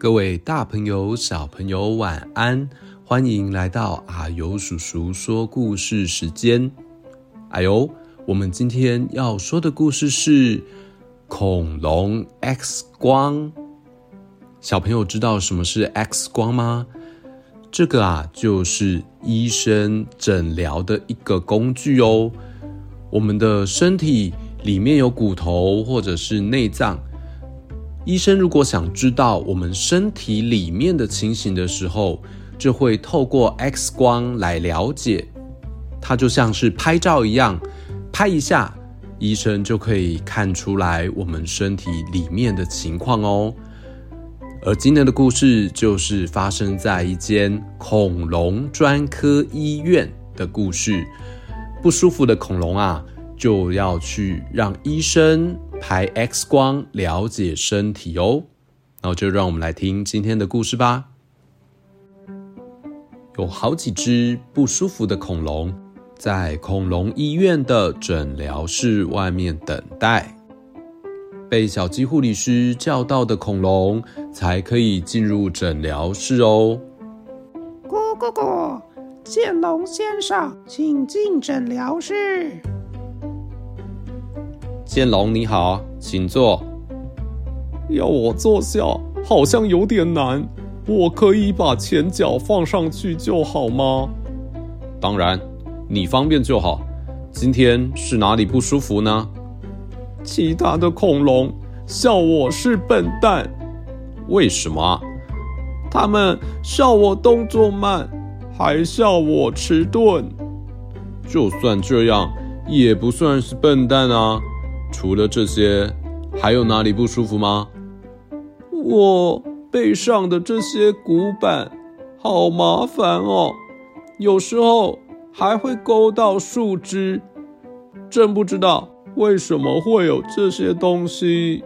各位大朋友、小朋友，晚安！歡迎來到啊呦叔叔說故事時間。啊呦，我們今天要說的故事是恐龍 X 光。小朋友知道什麼是 X 光嗎？這個啊，就是醫生診療的一個工具哦。我們的身體裡面有骨頭，或者是內臟。醫生如果想知道我們身體裡面的情形的時候，就會透過 X 光來了解，它就像是拍照一樣，拍一下，醫生就可以看出來我們身體裡面的情況哦。而今天的故事就是發生在一間恐龍專科醫院的故事，不舒服的恐龍啊，就要去讓醫生。拍 X 光，了解身體哦，那就讓我們來聽今天的故事吧。有好幾隻不舒服的恐龍在恐龍醫院的診療室外面等待，被小雞護理師叫到的恐龍才可以進入診療室哦。咕咕咕，劍龍先生，請進診療室。劍龍，你好，請坐。要我坐下好像有點難，我可以把前腳放上去就好嗎？當然，你方便就好。今天是哪裡不舒服呢？其他的恐龍笑我是笨蛋。為什麼？他們笑我動作慢，還笑我遲鈍。就算這樣，也不算是笨蛋啊。除了這些，還有哪裡不舒服嗎？我背上的這些骨板好麻煩哦，有時候還會勾到樹枝，真不知道為什麼會有這些東西。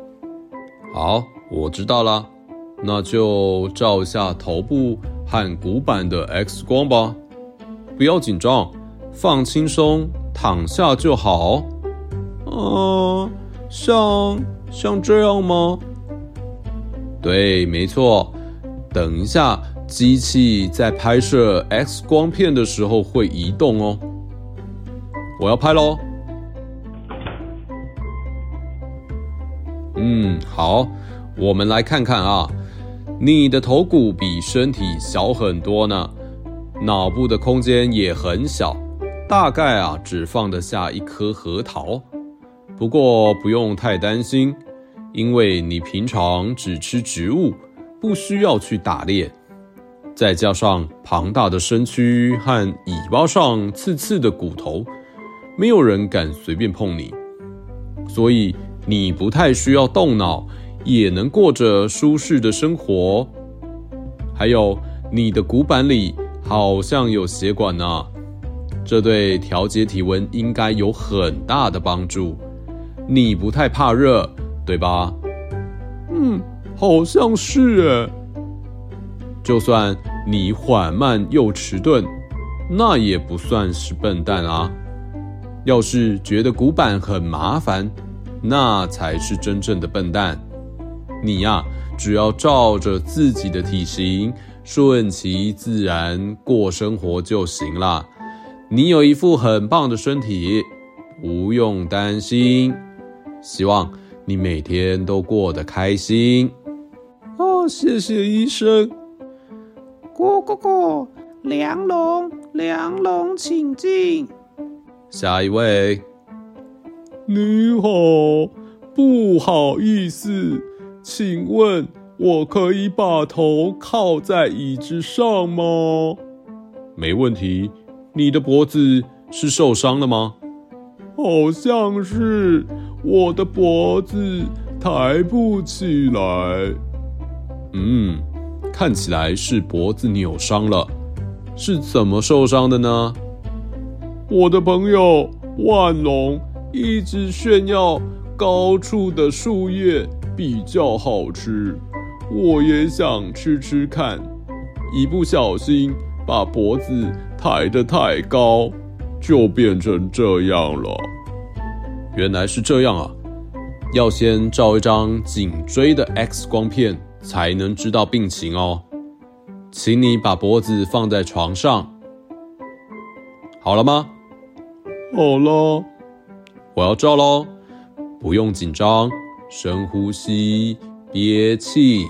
好，我知道了，那就照一下頭部和骨板的 X 光吧。不要緊張，放輕鬆，躺下就好。嗯、呃，像像這樣嗎？對，沒錯。等一下，機器在拍攝 X 光片的時候會移動哦。我要拍嘍。嗯，好，我們來看看啊，你的頭骨比身體小很多呢，腦部的空間也很小，大概啊只放得下一顆核桃。不過不用太擔心，因為你平常只吃植物，不需要去打獵。再加上龐大的身軀和尾巴上刺刺的骨頭，沒有人敢隨便碰你，所以你不太需要動腦，也能過着舒適的生活。還有，你的骨板裡好像有血管呢、啊，這對調節體溫應該有很大的幫助。你不太怕熱，對吧？嗯，好像是哎。就算你緩慢又遲鈍，那也不算是笨蛋啊。要是覺得骨板很麻煩，那才是真正的笨蛋。你呀，只要照着自己的體型，順其自然過生活就行了。你有一副很棒的身體，不用擔心。希望你每天都過得開心。哦，謝謝醫生。過過過，梁龍、梁龍，請進。下一位。你好，不好意思，請問我可以把頭靠在椅子上嗎？沒問題。你的脖子是受傷了嗎？好像是。我的脖子抬不起來，嗯，看起來是脖子扭傷了。是怎麼受傷的呢？我的朋友腕龍一直炫耀高處的樹葉比較好吃，我也想吃吃看。一不小心把脖子抬得太高，就變成這樣了。原來是這樣啊，要先照一張頸椎的 X 光片才能知道病情哦。請你把脖子放在床上，好了嗎？好了，我要照嘍，不用緊張，深呼吸，憋氣。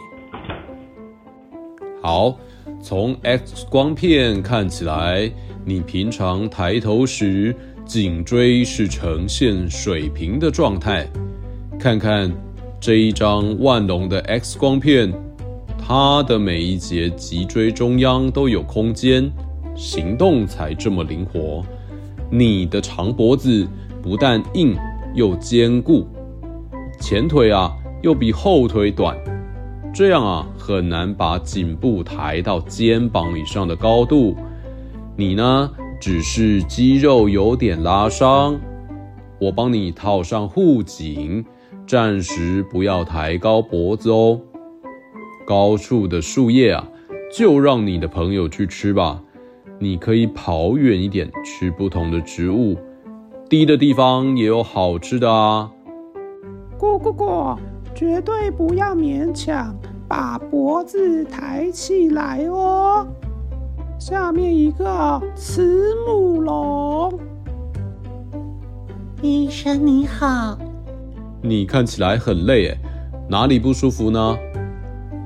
好，從 X 光片看起來，你平常抬頭時。頸椎是呈現水平的狀態，看看這一張腕龍的 X 光片，它的每一節脊椎中央都有空間，行動才這麼靈活。你的長脖子不但硬又堅固，前腿啊又比後腿短，這樣啊很難把頸部抬到肩膀以上的高度。你呢？只是肌肉有點拉傷，我幫你套上護頸，暫時不要抬高脖子哦。高處的樹葉啊，就讓你的朋友去吃吧。你可以跑遠一點，吃不同的植物。低的地方也有好吃的啊。咕咕咕，絕對不要勉強把脖子抬起來哦。下面一個慈母龍。醫生你好，你看起來很累耶，哪裡不舒服呢？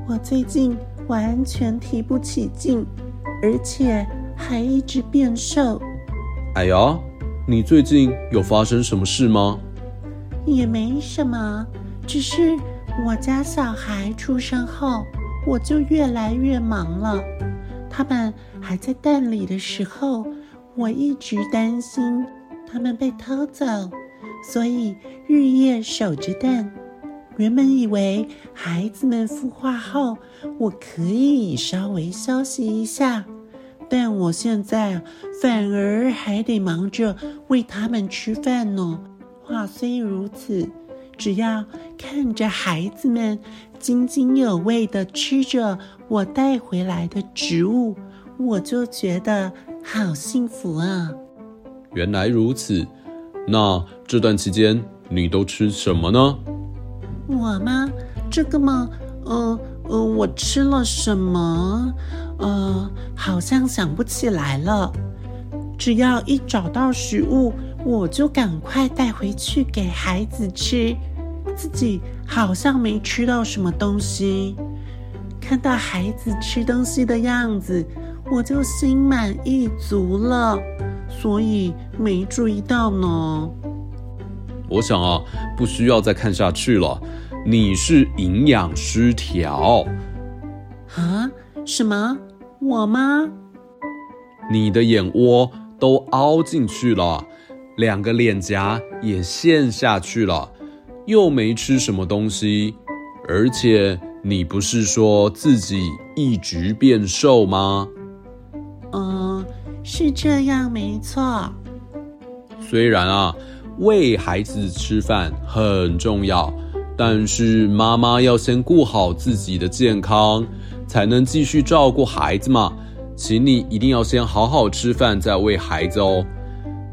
我最近完全提不起勁，而且還一直變瘦。哎呀，你最近有發生什麼事嗎？也沒什麼，只是我家小孩出生後，我就越來越忙了，他們。還在蛋裡的時候，我一直擔心它們被偷走，所以日夜守着蛋。原本以為孩子們孵化後，我可以稍微休息一下，但我現在反而還得忙着餵他們吃飯呢。話雖如此，只要看着孩子們津津有味地吃着我帶回來的植物。我就覺得好幸福啊！原來如此，那這段期間你都吃什麼呢？我嗎？這個嗎？呃呃，我吃了什麼？呃，好像想不起來了。只要一找到食物，我就趕快帶回去給孩子吃。自己好像沒吃到什麼東西，看到孩子吃東西的樣子。我就心滿意足了，所以沒注意到呢。我想啊，不需要再看下去了。你是營養失調啊？什麼？我嗎？你的眼窩都凹進去了，兩個臉頰也陷下去了，又沒吃什麼東西，而且你不是說自己一直變瘦嗎？是這樣，沒錯。雖然啊，餵孩子吃飯很重要，但是媽媽要先顧好自己的健康，才能繼續照顧孩子嘛。請你一定要先好好吃飯，再餵孩子哦。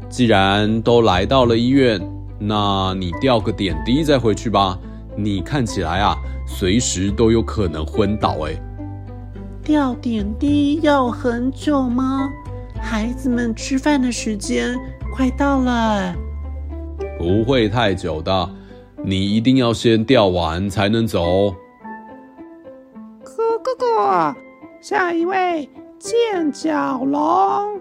既然都來到了醫院，那你吊個點滴再回去吧。你看起來啊，隨時都有可能昏倒哎。吊點滴要很久嗎？孩子們吃飯的時間快到了，不會太久的。你一定要先釣完才能走。哥哥哥，下一位劍角龍。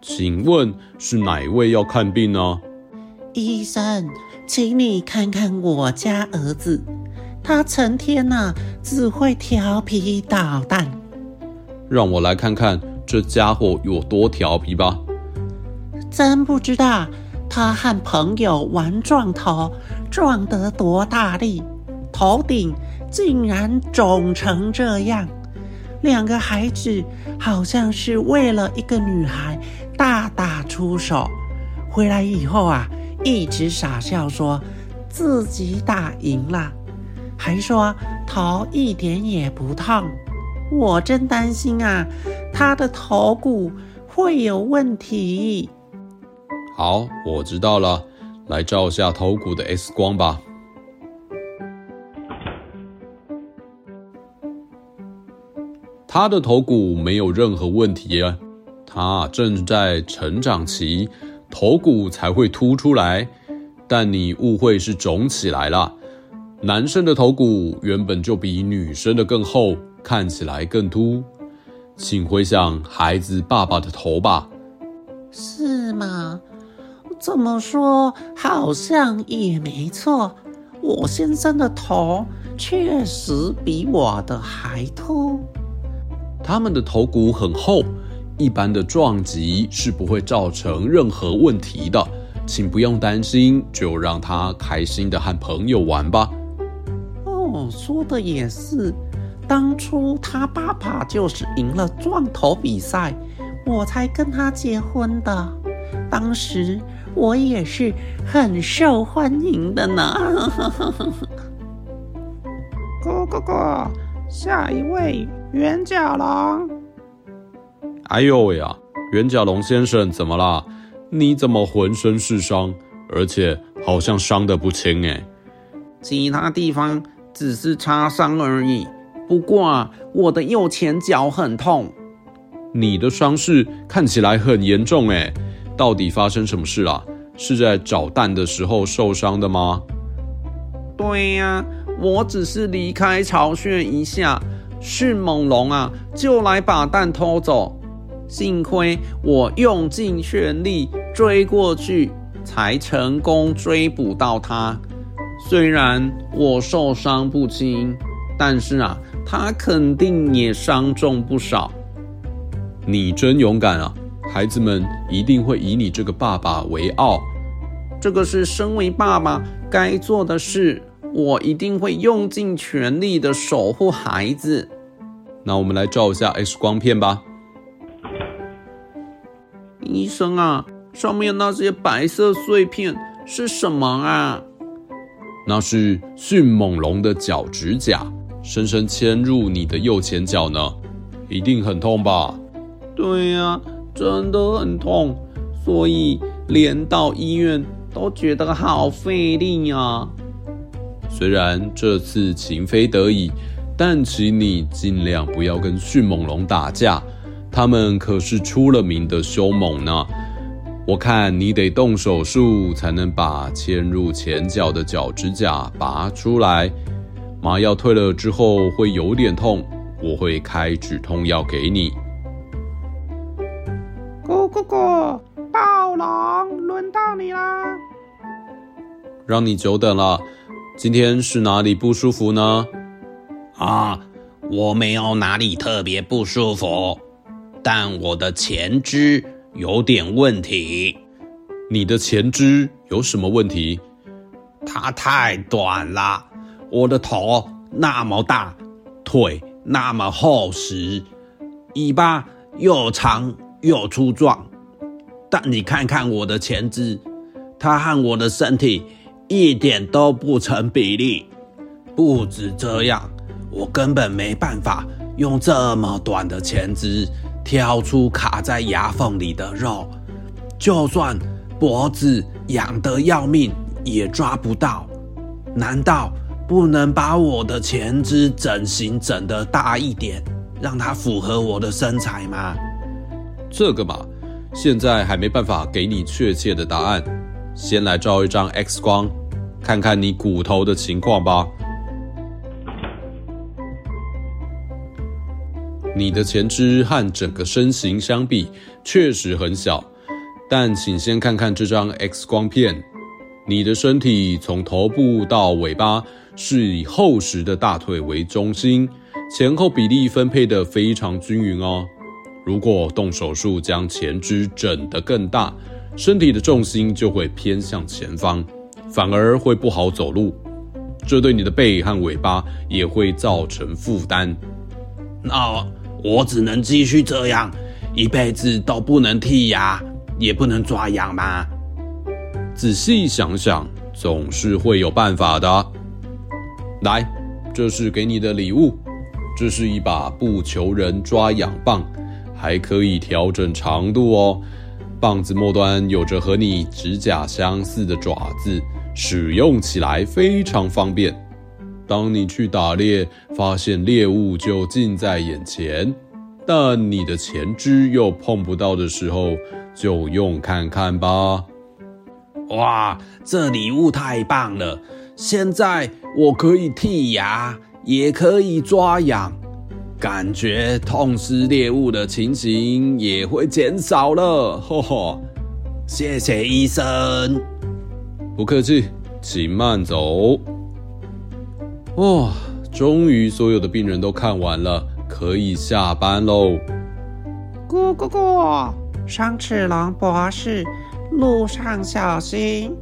請問是哪位要看病呢？醫生，請你看看我家兒子，他成天吶、啊、只會調皮搗蛋。讓我來看看。這家伙有多調皮吧？真不知道他和朋友玩撞頭撞得多大力，頭頂竟然腫成這樣。兩個孩子好像是為了一個女孩大打出手，回來以後啊，一直傻笑說自己打贏了，還說頭一點也不痛。我真擔心啊！他的頭骨會有問題。好，我知道了，來照一下頭骨的 X 光吧。他的頭骨沒有任何問題啊。他正在成長期，頭骨才會凸出來。但你誤會是腫起來了。男生的頭骨原本就比女生的更厚，看起來更凸。請回想孩子爸爸的頭吧。是嗎？這麼說好像也沒錯。我先生的頭確實比我的還禿。他們的頭骨很厚，一般的撞擊是不會造成任何問題的，請不用擔心，就讓他開心的和朋友玩吧。哦，說的也是。當初他爸爸就是贏了撞頭比賽，我才跟他結婚的。當時我也是很受歡迎的呢。 哥哥哥，下一位，原角龍。哎呦喂啊！原角龍先生怎麼啦？你怎麼渾身是傷，而且好像傷得不輕哎、欸？其他地方只是擦傷而已。不過啊，我的右前腳很痛。你的傷勢看起來很嚴重誒，到底發生什麼事了啊？是在找蛋的時候受傷的嗎？對呀啊，我只是離開巢穴一下，迅猛龍啊就來把蛋偷走。幸虧我用盡全力追過去，才成功追捕到它。雖然我受傷不輕，但是啊。他肯定也傷重不少。你真勇敢啊！孩子們一定會以你這個爸爸為傲。這個是身為爸爸該做的事，我一定會用盡全力的守護孩子。那我們來照一下 X 光片吧。醫生啊，上面那些白色碎片是什麼啊？那是迅猛龍的腳趾甲。深深嵌入你的右前腳呢，一定很痛吧？對呀、啊，真的很痛，所以連到醫院都覺得好費力啊。雖然這次情非得已，但請你盡量不要跟迅猛龍打架，他們可是出了名的兇猛呢。我看你得動手術才能把嵌入前腳的腳趾甲拔出來。麻藥退了之後會有點痛，我會開止痛藥給你。咕咕咕，暴龍，輪到你啦！讓你久等了。今天是哪裡不舒服呢？啊，我沒有哪裡特別不舒服，但我的前肢有點問題。你的前肢有什麼問題？它太短了。我的頭那麼大，腿那麼厚實，尾巴又長又粗壯，但你看看我的前肢，它和我的身體一點都不成比例。不止這樣，我根本沒辦法用這麼短的前肢挑出卡在牙縫裡的肉，就算脖子癢得要命也抓不到。難道，不能把我的前肢整形整得大一點，讓它符合我的身材嗎？這個嘛，現在還沒辦法給你確切的答案。先來照一張 X 光，看看你骨頭的情況吧。你的前肢和整個身形相比確實很小，但請先看看這張 X 光片。你的身體從頭部到尾巴。是以厚實的大腿為中心，前後比例分配得非常均勻哦。如果動手術將前肢整得更大，身體的重心就會偏向前方，反而會不好走路。這對你的背和尾巴也會造成負擔。那我，我只能繼續這樣，一輩子都不能剔牙，也不能抓癢嗎？仔細想想，總是會有辦法的。來，這是給你的禮物，這是一把不求人抓癢棒，還可以調整長度哦。棒子末端有着和你指甲相似的爪子，使用起來非常方便。當你去打獵，發現獵物就近在眼前，但你的前肢又碰不到的時候，就用看看吧。哇，這禮物太棒了！現在我可以剔牙，也可以抓癢，感覺痛失獵物的情形也會減少了。呵呵，謝謝醫生。不客氣，請慢走。哦，終於所有的病人都看完了，可以下班嘍。咕咕咕，雙齒龍博士，路上小心。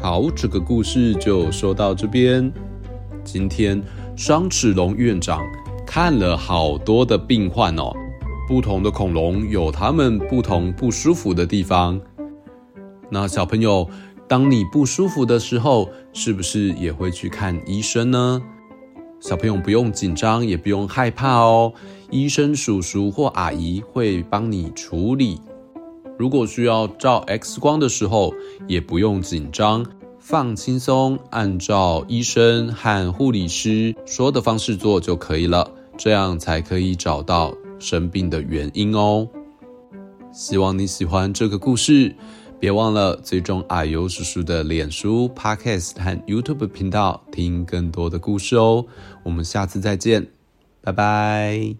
好，這個故事就說到這邊。今天雙齒龍院長看了好多的病患哦，不同的恐龍有他們不同不舒服的地方。那小朋友，當你不舒服的時候，是不是也會去看醫生呢？小朋友不用緊張，也不用害怕哦，醫生叔叔或阿姨會幫你處理。如果需要照 X 光的時候，也不用緊張，放輕鬆，按照醫生和護理師說的方式做就可以了，這樣才可以找到生病的原因哦。希望你喜歡這個故事，別忘了最終阿 u 叔叔的臉書、Podcast 和 YouTube 頻道，聽更多的故事哦。我們下次再見，拜拜。